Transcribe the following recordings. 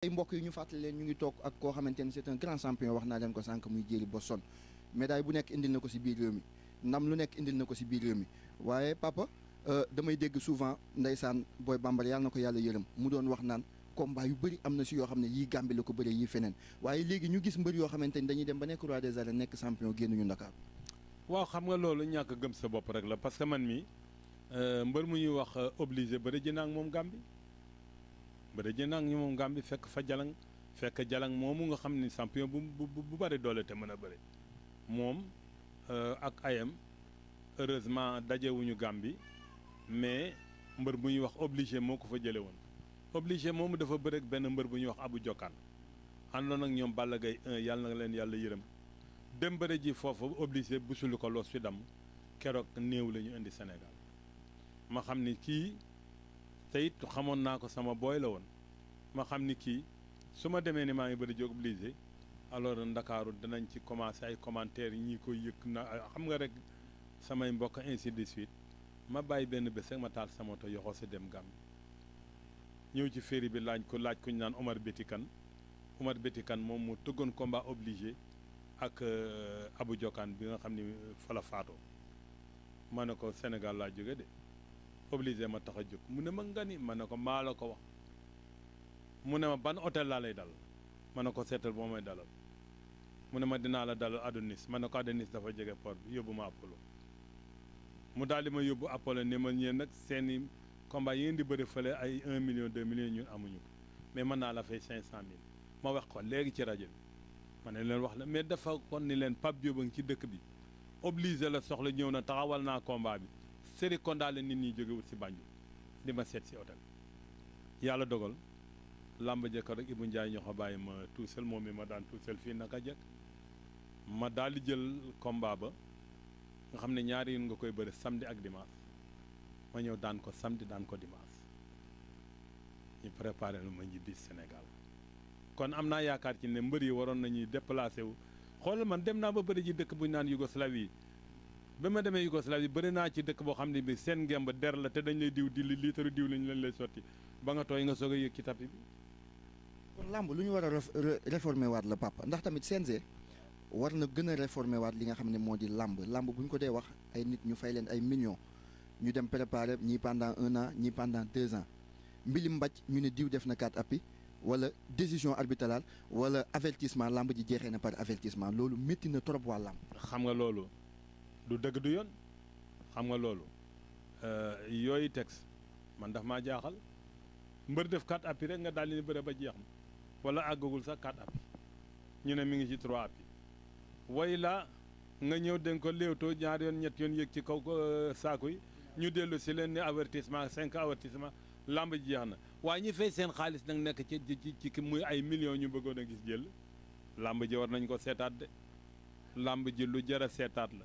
ay mbokk yi ñu tok leen ñu ngi tok ak ko xamanteni c'est un grand champion wax naa leen ko sank muy jeli bosson médaille bu nek indil nako ci biir réew mi nam lu nek indil nako ci biir réew mi waye papa euh, damay dégg souvent ndeysaan boy bambal yàlla nako yalla yàlla mu doon wax naan combat yu bari amna ci yo xamne yi ne lako Gàmbi yi fenen waye légui ñu gis mbeur yo xamanteni dañuy dem ba nek roi des arènes nek champion ñu Ndakaar. waaw xam nga lolu ñaka gëm sa bop rek la parce que man mi euh, mbeur mu ñuy wax euh, obligé ak bërëjë naa ñu moom bi fekk fa jalang fekk jalang moomu nga xam ni champion bu bu bu bëri doole te mën a bëri moom euh, ak ayam heureusement dajewuñu bi mais mbër bu ñuy wax obligé moo ko fa jële woon obligé moomu dafa bëre ak benn mbër bu ñuy wax Abu Jokkaan àndoon ak ñoom Balla Gaye yàlla leen yàlla yërëm dem bëre ji foofu obligé busulu ko loos fi damm keroog néew la indi Sénégal ma xam ni kii te xamoon naa ko sama booy la woon ma xam ni kii su ma demee ni maa ngi bëri ji obligé alors ndakaaru danañ ci commencé ay commentaires yi ñi koy yëkk na xam nga rek samay mbokk ainsi de suite ma bàyyi benn bés rek ma taal sama to yoxoo si dem Gàmbi ñëw ci féeri bi laaj ko laaj ku naan Omar Bétikan Omar Bétikan moom mu tëggoon combat obligé ak euh, Abu Jokaan bi nga xam ni fa la faatoo ma ne ko Sénégal laa jóge de obligé ma tax a jóg mu ne ma nga ni ma na ko maa la ko wax mu ne ma ban hôtel laa lay dal ma ne ko seetal boo may dalal mu ne ma dinaa la dalal Adonis ma na ko Adonis dafa jege port bi yóbbu ma Apollo mu daal di ma yóbbu Apollo ni ma ñeen nag seeni combat yi ngeen di bëri fële ay 1 million 2 million ñun amuñu ko mais mën naa la fay 500000 ma wax ko léegi ci rajo bi ma ne leen wax la mais dafa kon ni leen Pape Diop a ci dëkk bi obligé la soxla ñëw na taxawal naa combat bi. Sérékonda la nit ñi jóge wut si Banjul ma seet si hôtel yàlla dogal làmb jëkk rek Ibou Ndiaye ñoo ko bàyyi ma tout seul moom mi ma daan tout seul fii naka jëkk ma daal di jël combat ba nga xam ne ñaari yoon nga koy bëri samedi ak dimanche ma ñëw daan ko samedi daan ko dimanche ñu préparé lu ma ñibbi senegal kon am naa yaakaar ci ne mbër yi waroon nañuy déplacé wu xoolal man dem naa ba bari ji dëkk bu ñu naan Yougoslavie ba ma vous Yougoslavie ci dëkk bi der la té dañ lay diiw di li lañ lay ba nga nga ci réformer waat la papa ndax tamit CNG war na réformer waat li nga modi Nous lamb buñ ko wax ay nit ñu fay leen ay millions ñu dem préparer pendant un an ñi pendant deux ans mbili nous ñu ne diiw def na quatre wala décision arbitrale wala avertissement lamb ji jéxé na par avertissement lolu metti na trop wa lamb xam nga du dëgg du yoon xam nga loolu euh, yooyu texte man daf maa jaaxal mbër def 4 appuis rek nga dalini di bëre ba wala àggagul sa 4 appuis ñu ne mi ngi ci 3 appuis way nga ñëw ko léewtoo ñaar yoon ñett yoon yëg ci kaw euh, saaku yi ñu dellu si leen ne avertissement 5 avertissement lamb ji jeex na waaye ñi fay seen xaalis nag nekk ci ci ci muy ay millions ñu a gis jël lamb ji war nañ ko seetaat de lamb ji lu jara a la.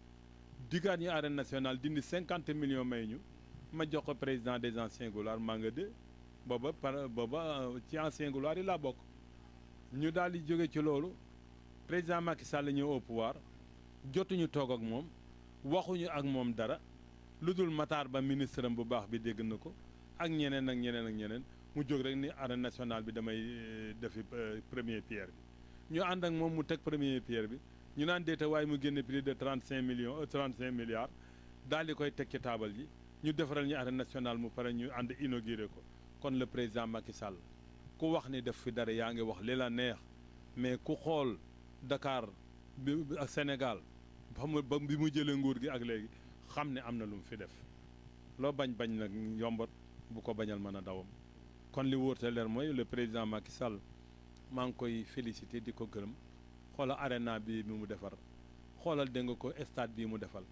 diggaat ñu arène nationale dindi 50 millions may ma jox ko président des anciens gloires manga de booba par booba euh, ci anciens gloires la laa bokk ñu daal di jóge ci lolu président Macky Sall ñëw au pouvoir ñu toog ak mom waxu ñu ak mom dara lu Matar Ba ministre bu baax bi dégg nako ak ñeneen ak ñeneen ak ñeneen mu jog rek ni arène nationale bi damay euh, def premier euh, pierre ñu and ak mom mu tek premier pierre bi ñu naan déeta waaye mu génne plus de trente cinq millions euh, trente cinq milliards daal di koy teg ci taabal ji ñu defaral ñu arène nationale mu pare ñu ànd inauguré ko kon le président Macky Sall ku wax ni def fi dara yaa ngi wax li la neex mais ku xool Dakar bi ak Sénégal ba bi mu jëlee nguur gi ak léegi xam ne am na lu mu fi def loo bañ bañ nag yombat bu ko bañal mën a dawam kon li wóor te leer mooy le président Macky Sall maa ngi koy félicité di ko gërëm. xoolal arena bi bi mu defar xoolal dégg ko stade bi mu defal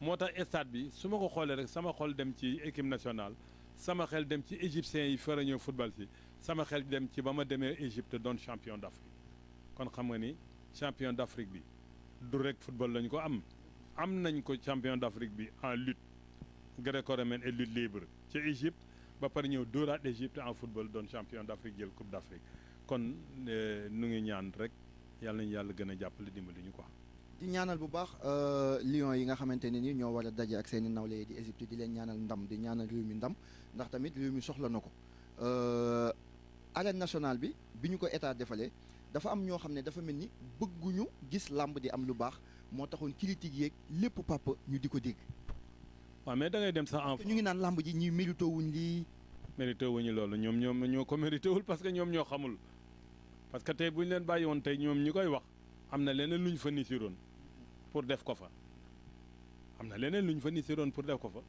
moo tax stade bi su ko xoolee rek sama xol dem ci équipe nationale sama xel dem ci égyptiens yi fara football si sama xel dem ci ba ma demee Égypte doon champion d'Afrique kon xam champion d'Afrique bi du rek football lañ ko am am nañ ko champion d'Afrique bi en lutte greco romaine et lutte libre ci Égypte ba pare ñëw dorat Égypte en football don champion d'Afrique jël coupe d'Afrique kon euh, nu ngi ñaan rek yàlla nañu yàlla gën a jàppale dimbali ñu quoi. di ñaanal bu baax euh, lions yi nga xamante ne ni ñoo war a daje ak seen i di Égypte di leen ñaanal ndam di ñaanal réew mi ndam ndax tamit réew mi soxla na ko euh, arène nationale bi bi ko état defalee dafa am ñoo xam dafa mel ni bëgguñu gis làmb di am lu baax moo taxoon critique yeeg lépp papa ñu di ko dégg. waaw mais da ngay dem sax en. ñu ngi naan làmb ji ñi mérito wuñ lii. mérito wuñu loolu ñoom ñoom ñoo ko mérité wul parce que ñoom ñoo xamul. parce que tey bu ñu leen bàyyi woon tey ñoom ñi koy wax am na leneen lu ñu fa roon pour def ko fa am na leneen lu ñu fa roon pour def ko fa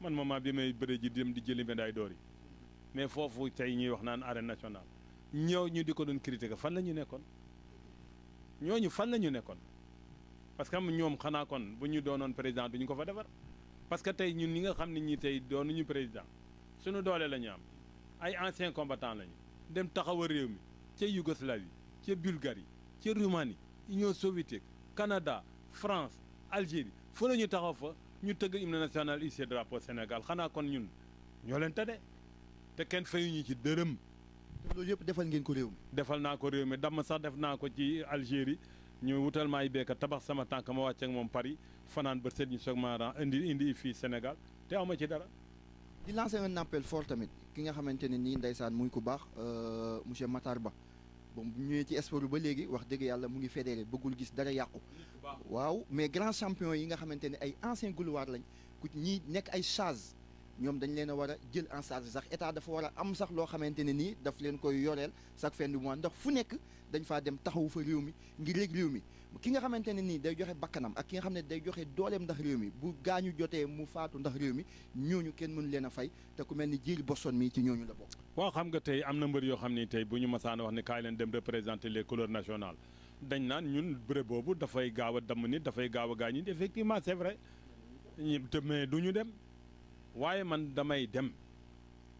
man moment bi may bëre ji dem di jëli médaille d'or yi mais foofu tey ñuy wax naan arène national ñëw ñu di ko doon critiquer fan la ñu nekkoon ñooñu fan la ñu nekkoon parce que ñoom xanaa kon bu ñu doonoon président du ñu ko fa defar parce que tey ñun ñi nga xam ne ñi tey ñu président suñu doole la ñu am ay anciens combattants lañu dem taxawal réew mi. ca Yougoslavie ca Bulgarie ca Roumanie Union soviétique kanada France Algérie fa la ñu taxaw fa ñu tëgg na national ici drapeau Sénégal xanaa kon ñun ñoo leen tane te kenn fayuñu ci dërëm. te loolu yëpp defal ngeen ko réew mi. defal naa ko réew mi damm sax def naa ko ci Algérie ñu wutal maay béykat tabax sama tànk ma wàcceek moom Paris fanaan ba seet ñu soog maa indi indi fii Sénégal te aw ma ci dara. di lancer un appel fort tamit. ki nga xamante ne nii ndeysaan muy ko baax euh, monsieur Matar Ba bon bu ñëwee ci sport ba léegi wax dëgg yàlla mu ngi fédéré bëggul gis dara yàqu. waaw mais grand champion yi nga xamante ne ay ancien gloire lañ ku ñi nekk ay charge ñoom dañ leen a war a jël en charge sax état dafa war a am sax loo xamante ne nii daf leen koy yoreel chaque fin du mois ndax fu nekk dañ faa dem taxawu fa réew mi ngir rek réew mi. ki nga xamante ne nii day joxe bakkanam ak ki nga xam ne day joxe dooleem ndax réew mi bu gaañu jotee mu faatu ndax réew mi ñu kenn mënu leen a fay te ku mel ni Djily Boston mii ci ñooñu la bokk. waaw xam nga tey am na mbër yoo xam ni tey bu ñu masaan wax ne kaay leen dem représenter les couleurs nationales dañ naan ñun bëre boobu dafay gaaw a damm nit dafay gaaw a gaañ nit effectivement c'est vrai ñu demee du ñu dem waaye man damay dem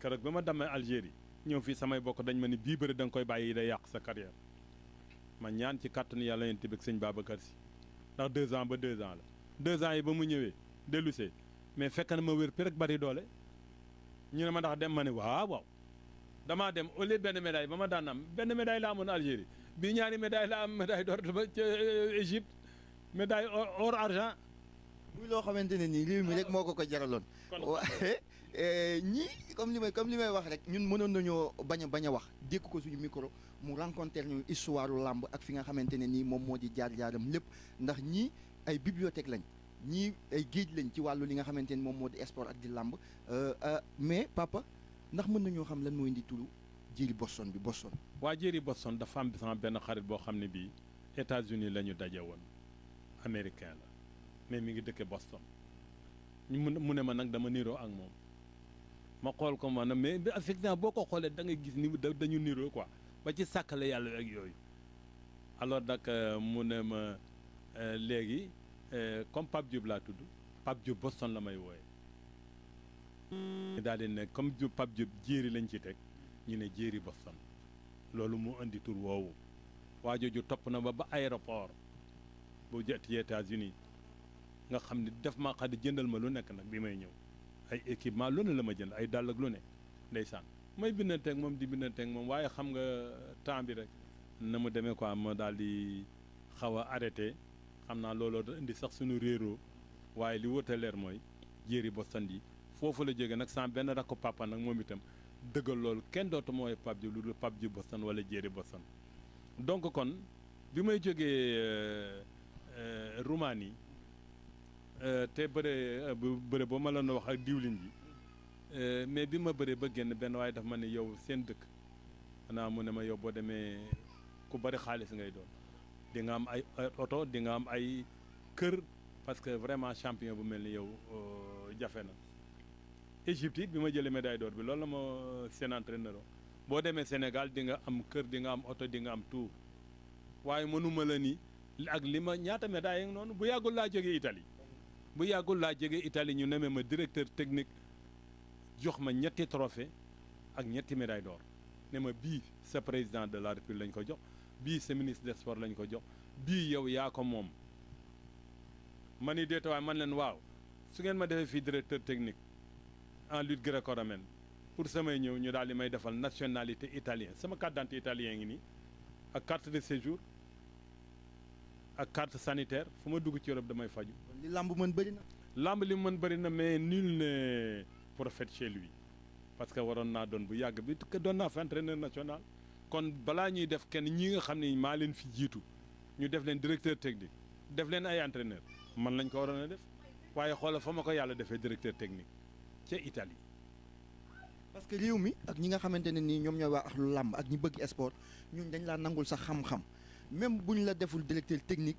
keroog ba ma demee Algérie ñëw fii samay bokk dañ ma ni bii bëri da koy bàyyi day yàq sa carrière ma ñaan ci kàttanu yàlla yéen tamit sëñ Babacar si ndax deux ba deux ans la deux yi ba mu ñëwee dellusee mais fekk na ma wér pi bari doole ñu ne ma ndax dem ma ne waaw waaw damaa dem au lieu benn médaille ba ma daan am benn médaille la amoon Algérie bii ñaari médaille la am médaille d'or ba ca euh, Égypte médaille or argent. muy loo xamante ne nii réew mi rek moo ko ko jaraloon. Eh, ñii comme li may comme li may wax rek ñun mënoon nañoo bañ a bañ a wax dékk ko suñu micro mu rencontré ñu histoire làmb ak fi nga xamante ne nii moom moo di jaar-jaaram lépp ndax ñii ay bibliothèque lañ ñii ay géej lañ ci wàllu li nga xamante ni moom moo di sport ak di làmb eh, eh, mais papa ndax mën nañoo xam lan mooy indi turu jéeri Boston bi Boston. waa jéeri Boston dafa am sama benn xarit boo xam ne bii États-Unis la ñu daje woon américain la mais mi ngi dëkke Boston ñu mu ne ma nag dama niiroo ak moom. ma xool ko ma mais bi effectivement boo ko xoolee da ngay gis ni dañu niroo quoi ba ci sàkkale yàlla ak yooyu alors nag euh, mu ne ma euh, léegi euh, comme Pape Diop laa tudd Pape Diop Boston la may woy hmm. daal di ne comme Pape Diop jéeri lañ ci teg ñu ne jéeri Boston loolu mu indi tur woowu waa jooju topp na ba ba aéroport bu jëtti États-Unis nga xam ne def maa xam jëndal ma lu nekk nag bi may ñëw ay équipement lu ne la ma jënd ay dàll ak lu ne ndeysaan may bindanteeg moom di bindanteeg moom waaye xam nga temps bi rek na mu demee quoi ma daal di xaw a arrêté xam naa looloo da indi sax suñu réeroo waaye li wóote leer mooy jéeri Boston yi foofu la jógee nag sans benn rakku papa nag moom itam dëggal loolu kenn dootu mooy Pape ji lu dul Pape ji Boston wala jéeri Boston donc kon bi may jógee euh, euh, Roumanie Euh, te bëre euh, bëre boo ma la wax ak diwlin bi euh, mais bi ma bëree ba génn benn waaye daf ma ne yow seen dëkk xanaa mu ne ma yow boo demee ku bari xaalis ngay doon di nga am ay oto di nga am ay kër parce que vraiment champion bu mel ni yow jafe na. Égypte bi ma jëlee médaille d'or bi loolu la ma seen entraîneur boo demee Sénégal di nga am kër di nga am oto di nga am tout waaye mënuma la ni ak li ma ñaata médaille noonu bu yàggul laa jógee Italie. bu yàggul la djégué Italie ñu némé ma directeur technique jox ma ñetti trophée ak ñetti médaille d'or néma bi ce président de la république lañ ko jox bi ce ministre des sports lañ ko jox bi yow ya ko mom mani ni déeta man len waw su ngeen ma defee fi directeur technique en lutte gréco-romaine pour sama ñew ñu daal di may defal nationalité italien sama carte d'identité italien ngi ni ak carte de séjour ak carte sanitaire fuma dugg ci Europe damay faju li làmb mën bëri na. li mën bari na mais nul ne prophète chez lui parce que waron na doon bu yag bi que doon naa entraîneur national. kon bala ñuy def ken ñi nga xamni ma leen fi jitu ñu def leen directeur technique def leen ay entraîneur man lañ ko waroon a def waye xol fa mako yalla yàlla directeur technique ci Italie. parce que réew mi ak ñi nga xamante ne nii ñoom ñooy waa axlu ak ñi bëgg sport ñun dañ la nangul sax xam-xam même buñ la deful directeur technique.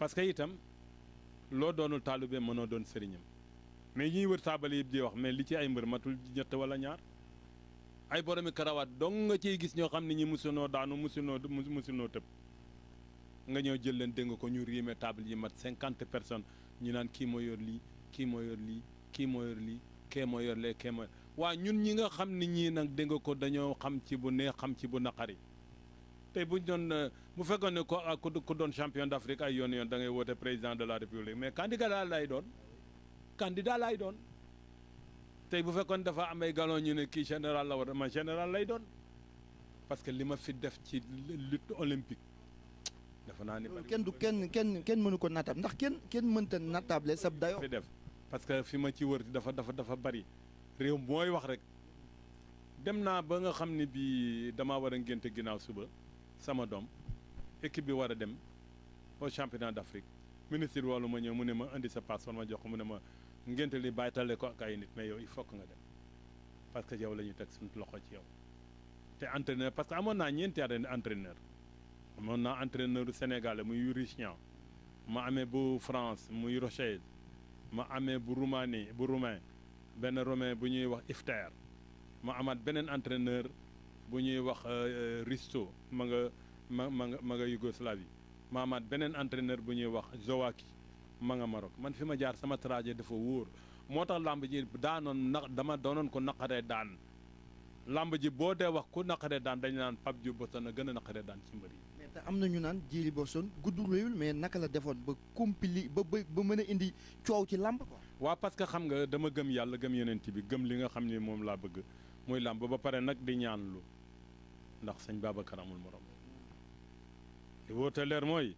parce que itam loo doonul taalibe mënoo doon sëriñam mais ñuy wër saabale yi di wax mais li ci ay mbër matul ñett wala ñaar ay boromi karawaat dong nga ciy gis ñoo xam ne ñi musunoo daanu musunoo musunoo tëb nga ñëw jël leen dégg ko ñu riime table yi mat cinquante personnes ñu naan kii moo yor lii kii moo yor lii kii moo yor lii kee moo yor lee kee moo yor waa ñun ñi nga xam ni ñii nag dégg ko dañoo xam ci bu neex xam ci bu naqari tey bu ñu doon euh, bu fekkoon ne ko ah, ku doon champion d'Afrique ay yoon yoon dangay ngay woote président de la république mais candidat lay doon candidat lay doon tey bu fekkoon dafa am ay galon ñu ne kii général la war ma général lay doon parce que li ma fi def ci lutte olympique dafa naa ni kenn du kenn kenn kenn mënu ko natab ndax kenn kenn mënta natable sa dayo fi def parce que fi ma ci wër dafa dafa dafa bari réew mooy wax rek dem naa ba nga xam ne bii damaa war a ngénte ginnaaw suba sama doom équipe bi war a dem au championnat d' Afrique ministre bi wala ma ñëw mu ne ma indi sa passeport ma jox ko mu ne ma ngénte li bàyyi tale ko ak ay nit mais yow il faut nga dem parce que yow la ñuy teg suñu loxo ci yow. te entraîneur parce que amoon naa ñeenti at entraîneur amoon naa entraîneur du Sénégal muy Youri Niang ma amee bu France muy Rochelle ma amee bu Roumanie bu Roumain benn romain bu ñuy wax Ifter ma amaat beneen entraîneur. bu ñuy wax euh, euh, Risto ma nga ma ma nga ma nga Yougoslavie maamaat beneen entreneur bu ñuy wax Zowaki ma nga Maroc man fi ma jaar sama trajet dafa wóor moo tax làmb ji daanoon na dama doonoon ko naqaree daan làmb ji boo dee wax ku naqaree daan dañu naan Pape Diop Boston a gën a naqaree daan ci mbër yi. am na ñu naan Djily Boston gudd réewul mais naka la defoon ba compli ba ba mën a indi coow ci làmb quoi. waaw parce que xam nga dama gëm yàlla gëm yonent bi gëm li nga xam ni moom laa bëgg muy làmb ba pare nag di ñaanlu. ndax sëñ baabakaramul moroom morom li wóote leer mooy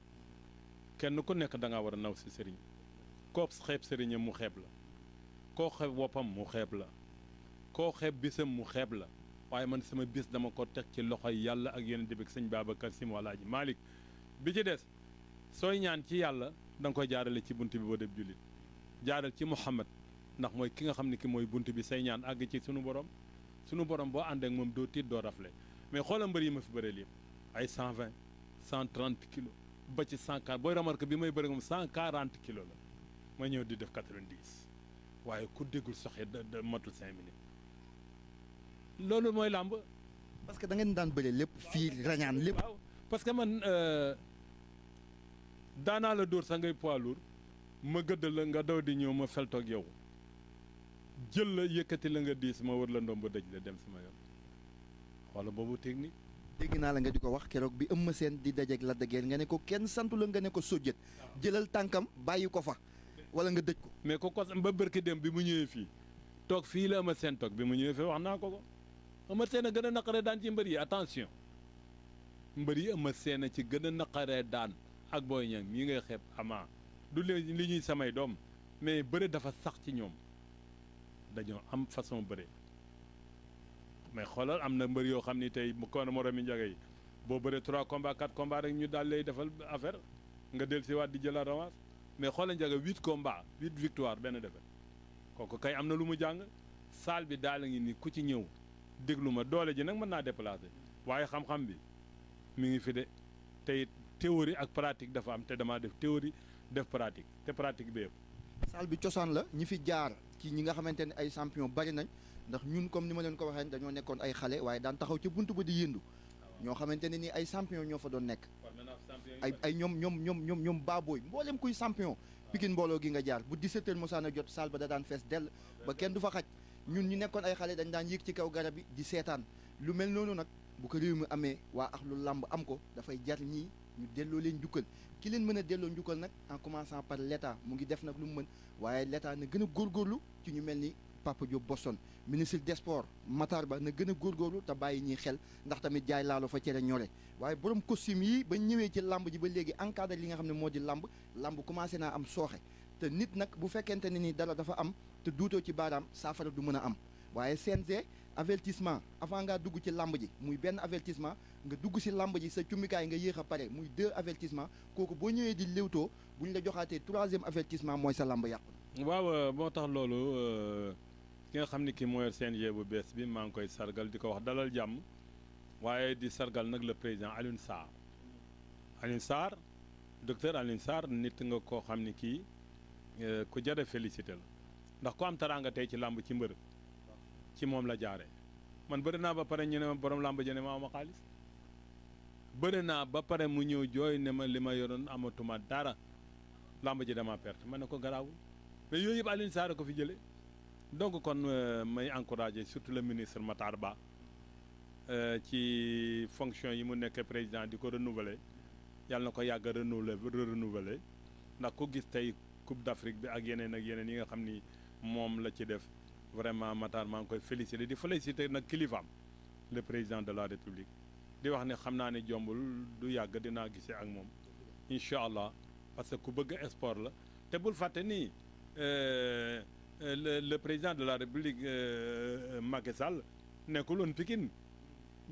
kenn ku nekk da ngaa war a naw si sëriñ koo xeeb sëriñam mu xeeb la koo xeeb woppam mu xeeb la koo xeeb bisam mu xeeb la waaye man sama bis dama ko teg ci loxo yàlla ak yenn bi ak sëñ Babacar Si Alaaji Maalik bi ci des sooy ñaan ci yàlla da nga koy jaarale ci bunt bi ba def jullit jaaral ci Muhammad ndax mooy ki nga xam ne ki mooy bunt bi say ñaan àgg ci sunu borom sunu borom boo àndeek moom doo tiit doo rafle mais xoola mbër yi ma fi bëree lépp ay cent 120 130 kilos ba ci 140 booy remarque bi may bëri moom 140 kilos la ma ñëw di def 90 waaye ku déggul soxee da matul 5 minutes loolu mooy làmb. parce que da ngeen daan bëri lépp fii rañaan lépp. waaw parce que man euh, daanaa la dóor sax ngay poids lourd ma gëdd la nga daw di ñëw ma feltoog yow jël la yëkkati la nga diis ma wër la ndomb dëj la dem sama yoon. wala boobu technique. dégg naa la nga di ko wax keroog bi ëmm seen di dajeeg la dëgër nga ne ko kenn santu la nga ne ko sojjët jëlal tànkam bàyyi ko fa wala nga dëj ko. mais ko ko ba bërki dem bi mu ñëwee fii toog fii la ëmm seen toog bi mu ñëwee fii wax naa ko ko ëmm seen a gën a naqaree daan ci mbër yi attention mbër yi ëmm seen a ci gën a naqaree daan ak booy ñang ñi ngay xeeb ama du li ñuy samay doom mais bëre dafa sax ci ñoom dañoo am façon bëre. mais xoolal am na mbër yoo xam ni tey kon moromi njoge yi boo bëree 3 combats 4 combats rek ñu daal lay defal affaire nga del si waat di jëlaat revanche mais xoolal njoge komba combats 8 victoire benn defet kooku kay am na lu mu jàng saal bi daal ngi ni ku ci ñëw déglu ma doole ji nag mën naa déplacer waaye xam-xam bi mi ngi fi de tey théorie ak pratique dafa am te damaa def théorie def pratique te pratique bi yëpp. saal bi cosaan la ñi fi jaar ci ñi nga xamante ne ay champion bari nañ. ndax ñun comme ni ma leen ko waxee dañoo nekkoon ay xale waaye daan taxaw ca buntu ba di yëndu ñoo xamante ne ni ay champion ñoo fa doon nekk ay ay ñoom ñoom ñoom ñoom ñoom baabooy mboolem kuy champion Pikine mbooloo gi nga jaar bu 17 heures mosaana jot saal ba da daan fees dell ba kenn du fa xaj ñun ñu nekkoon ay xale dañ daan yéeg ci kaw garab yi di seetaan lu mel noonu nag bu ko réew mi amee waa ax lu làmb am ko dafay jar ñii ñu delloo leen njukkal ki leen mën a delloo njukkal nag en commençant par l' mu ngi def nag lu mu mën waaye l' état na gën a góorgóorlu ci ñu mel ni Papa Diop Boston ministre des sports Matar Ba na gën a góorgóorlu te bàyyi ñuy xel ndax tamit jaay laalo fa cere ñore waaye borom costume yi ba ñëwee ci làmb ji ba léegi encadré li nga xam ne moo di làmb làmb commencé naa am sooxe te nit nag bu fekkente ne ni dara dafa am te duutoo ci baaraam saafara du mën a am waaye CNG avertissement avant nga dugg ci lamb ji muy benn avertissement nga dugg ci lamb ji sa ciumikaay nga yéex paré muy deux avertissement koku bo ñëwé di lewto buñ la joxaté troisième avertissement moy sa lamb yàqu waaw euh, moo tax loolu euh, ki nga xam ne kii mooy CNG bu bees bi maa ngi koy sargal di ko wax dalal jàmm waaye di sargal nag la président Alioune Sarr Alioune Sarr docteur Alioune Sarr nit nga koo xam ne kii eh, ku jare félicité la ndax ku am taraanga tey ci làmb ci mbër ci moom la jaare man bëri naa ba pare ñu ne ma borom làmb jëne ma ama xaalis bëri naa ba pare mu ñëw jooy ne ma li ma yoroon amatuma dara làmb ji dama perte ma ne ko garaawul mais yooyu yëpp Alioune Sarr ko donc kon euh, may encourager surtout le ministre Matarba, euh ci fonction yi mu nek président diko renouveler yalla nako yag renouveler a renouveler ndax ko gis tay Coupe d'Afrique bi ak yenen ak yenen yi nga xamni mom la ci def vraiment Matar mang koy féliciter di féliciter nak kilifaam le président de la République di wax ni xamna ni ne jombul du yag dina gisee ak mom inshallah parce que ku bëgg sport la te bul ni euh Euh, le le président de la république euh, euh, Macky Sall nekkul woon Pikine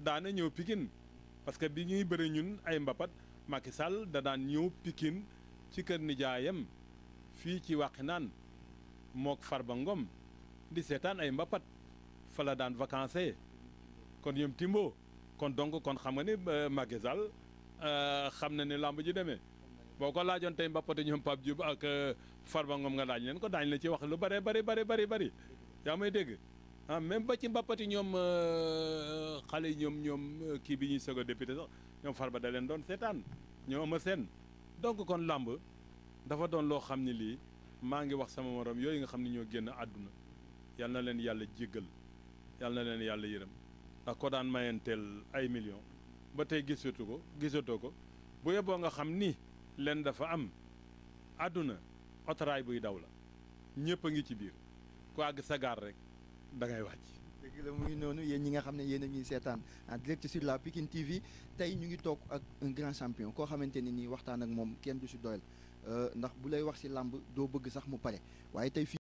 daana ñëw Pikine parce que bi ñuy bëri ñun ay mbapat Macky Sall da daan ñëw Pikine ci kër nijaayam fii ci Waxinaan mook far ba Ngom di seetaan ay mbapat fa la daan vacances kon ñoom Timbo kon donc kon xam nga ne Macky Sall xam na ne làmb ji demee. boo ko laajoon tey mbappati ñoom Pape Diouf ak euh, ba Ngom nga laaj leen ko daañ la ci wax lu bëree bare bëri bëri bëri yaa may dégg ah même ba ci mbappati ñoom euh, xale yi ñoom ñoom euh, kii bi ñuy sog a député sax ñoom Farba da leen doon seetaan ñoo ama seen donc kon làmb dafa doon loo xam ne lii maa ngi wax sama morom yooyu nga xam ne ñoo génn àdduna yal na leen yàlla jéggal yal na leen yàlla yërëm ndax ko daan mayenteel ay millions ba tey gisatu ko gisatoo ko bu xam ni leen dafa am àdduna otoraay buy daw la ñëpp a ngi ci biir ku àgg sa gaar rek da ngay wàcc. dëgg la mu ngi noonu yéen ñi nga xam ne yéen a ñuy seetaan en direct sur la Pikine TV tey ñu ngi toog ak un grand champion koo xamante ne nii waxtaan ak moom kenn du si doyal euh, ndax bu lay wax si làmb doo bëgg sax mu pare waaye tey fii.